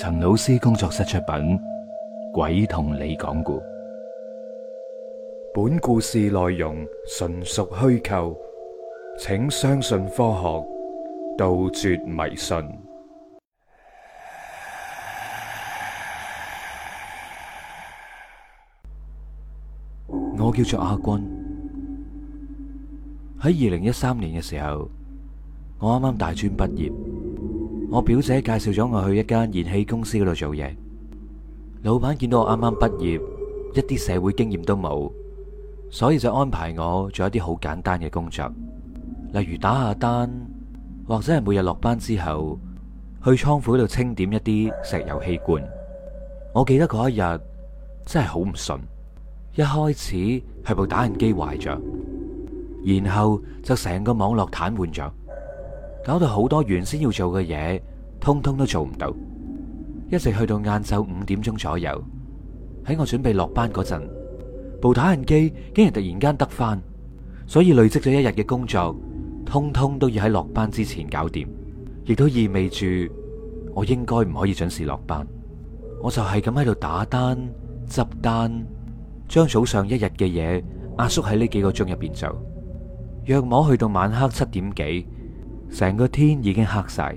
陳老師工作室出品《鬼同你講故》，本故事內容純屬虛構，請相信科學，杜絕迷信。我叫做阿君，喺二零一三年嘅時候，我啱啱大專畢業。我表姐介紹咗我去一間燃氣公司嗰度做嘢，老闆見到我啱啱畢業，一啲社會經驗都冇，所以就安排我做一啲好簡單嘅工作，例如打下單，或者係每日落班之後去倉庫嗰度清點一啲石油氣罐。我記得嗰一日真係好唔順，一開始係部打印機壞咗，然後就成個網絡癱瘓咗。搞到好多原先要做嘅嘢，通通都做唔到。一直去到晏晝五點鐘左右，喺我準備落班嗰陣，部打印機竟然突然間得翻，所以累積咗一日嘅工作，通通都要喺落班之前搞掂，亦都意味住我應該唔可以準時落班。我就係咁喺度打單執單，將早上一日嘅嘢壓縮喺呢幾個鐘入邊做，若望去到晚黑七點幾。成個天已經黑晒，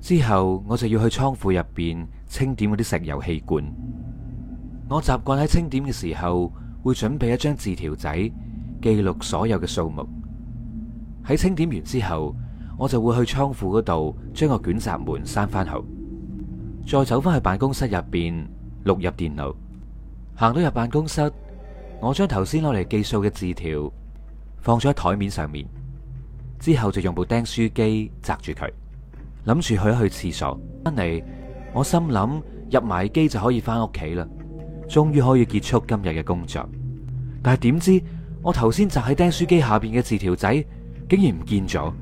之後我就要去倉庫入邊清點嗰啲石油氣罐。我習慣喺清點嘅時候，會準備一張字條仔記錄所有嘅數目。喺清點完之後，我就會去倉庫嗰度將個捲閘門閂翻好，再走翻去辦公室入邊錄入電腦。行到入辦公室，我將頭先攞嚟記數嘅字條放咗喺台面上面。之後就用部釘書機紮住佢，諗住去一去廁所翻嚟，我心諗入埋機就可以翻屋企啦，終於可以結束今日嘅工作。但係點知我頭先紮喺釘書機下邊嘅字條仔竟然唔見咗，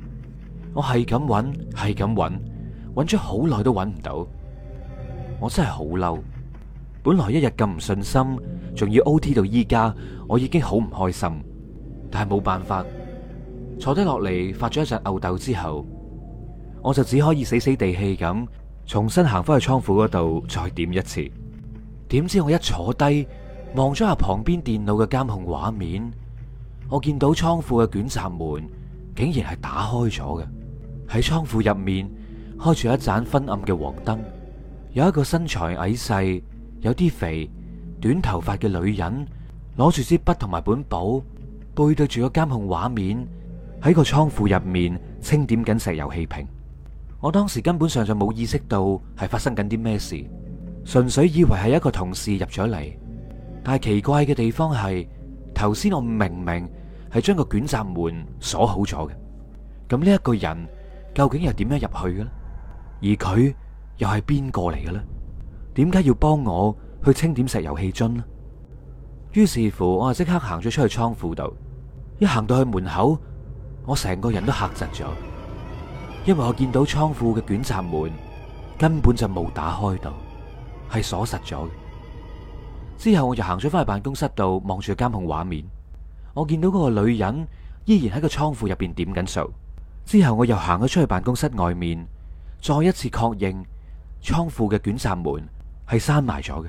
我係咁揾，係咁揾，揾咗好耐都揾唔到，我真係好嬲。本來一日咁唔順心，仲要 OT 到依家，我已經好唔開心，但係冇辦法。坐低落嚟，發咗一陣吽斗之後，我就只可以死死地氣咁重新行翻去倉庫嗰度，再點一次。點知我一坐低，望咗下旁邊電腦嘅監控畫面，我見到倉庫嘅捲閘門竟然係打開咗嘅。喺倉庫入面開住一盞昏暗嘅黃燈，有一個身材矮細、有啲肥、短頭髮嘅女人，攞住支筆同埋本簿，背對住個監控畫面。喺個倉庫入面清點緊石油氣瓶，我當時根本上就冇意識到係發生緊啲咩事，純粹以為係一個同事入咗嚟。但係奇怪嘅地方係，頭先我明明係將個捲閘門鎖好咗嘅，咁呢一個人究竟係點樣入去嘅呢？而佢又係邊個嚟嘅呢？點解要幫我去清點石油氣樽呢？於是乎，我就即刻行咗出去倉庫度，一行到去門口。我成個人都嚇窒咗，因為我見到倉庫嘅卷閘門根本就冇打開到，係鎖實咗。之後我就行咗翻去辦公室度，望住監控畫面。我見到嗰個女人依然喺個倉庫入邊點緊數。之後我又行咗出去辦公室外面，再一次確認倉庫嘅卷閘門係閂埋咗嘅。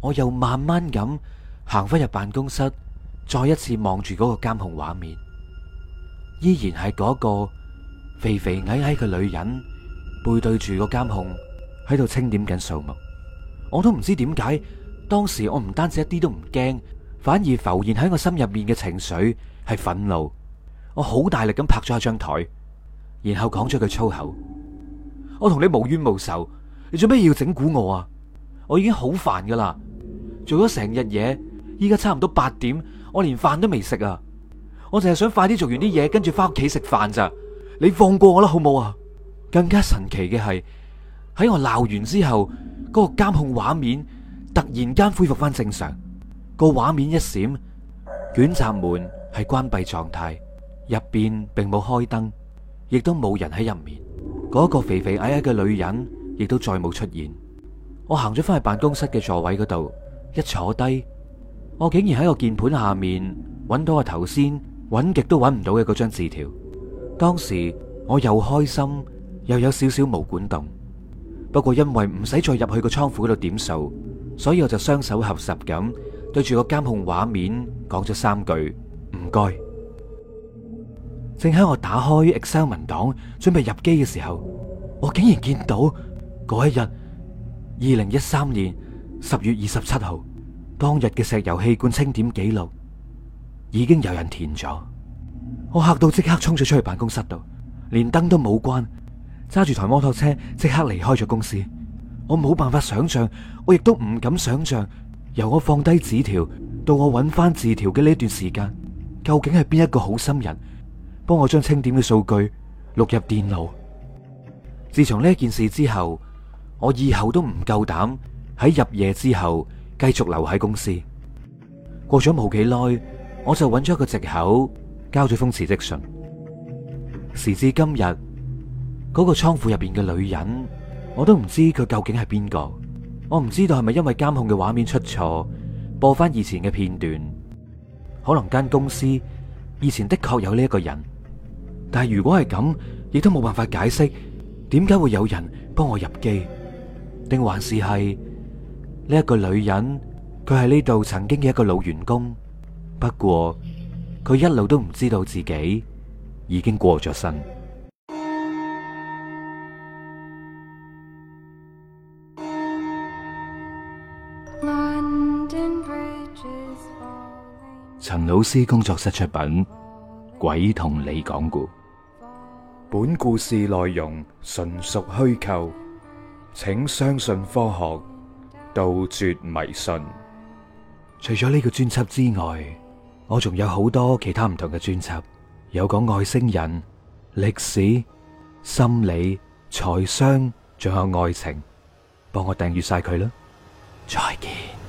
我又慢慢咁行翻入辦公室，再一次望住嗰個監控畫面。依然係嗰個肥肥矮矮嘅女人背對住個監控喺度清點緊數目，我都唔知點解。當時我唔單止一啲都唔驚，反而浮現喺我心入面嘅情緒係憤怒。我好大力咁拍咗一張台，然後講咗句粗口：我同你無冤無仇，你做咩要整蠱我啊？我已經好煩噶啦，做咗成日嘢，依家差唔多八點，我連飯都未食啊！我淨係想快啲做完啲嘢，跟住翻屋企食飯咋？你放過我啦，好冇啊？更加神奇嘅係喺我鬧完之後，嗰個監控畫面突然間恢復翻正常，個畫面一閃，捲閘門係關閉狀態，入邊並冇開燈，亦都冇人喺入面。嗰個肥肥矮矮嘅女人亦都再冇出現。我行咗翻去辦公室嘅座位嗰度，一坐低，我竟然喺個鍵盤下面揾到我頭先。揾極都揾唔到嘅嗰張字條，當時我又開心又有少少毛管動，不過因為唔使再入去個倉庫嗰度點數，所以我就雙手合十咁對住個監控畫面講咗三句唔該。正喺我打開 Excel 文檔準備入機嘅時候，我竟然見到嗰一日二零一三年十月二十七號當日嘅石油氣罐清點記錄。已經有人填咗，我嚇到即刻衝咗出去辦公室度，連燈都冇關，揸住台摩托車即刻離開咗公司。我冇辦法想象，我亦都唔敢想象，由我放低紙條到我揾翻字條嘅呢段時間，究竟係邊一個好心人幫我將清點嘅數據錄入電腦？自從呢件事之後，我以後都唔夠膽喺入夜之後繼續留喺公司。過咗冇幾耐。我就揾咗一個藉口，交咗封辭職信。時至今日，嗰個倉庫入邊嘅女人，我都唔知佢究竟係邊個。我唔知道係咪因為監控嘅畫面出錯，播翻以前嘅片段。可能間公司以前的確有呢一個人，但係如果係咁，亦都冇辦法解釋點解會有人幫我入機，定還是係呢一個女人，佢係呢度曾經嘅一個老員工。不過佢一路都唔知道自己已經過咗身。陳 老師工作室出品《鬼同你講故》，本故事內容純屬虛構，請相信科學，杜絕迷信。除咗呢個專輯之外。我仲有好多其他唔同嘅專輯，有講外星人、歷史、心理、財商，仲有愛情，幫我訂閱晒佢啦！再見。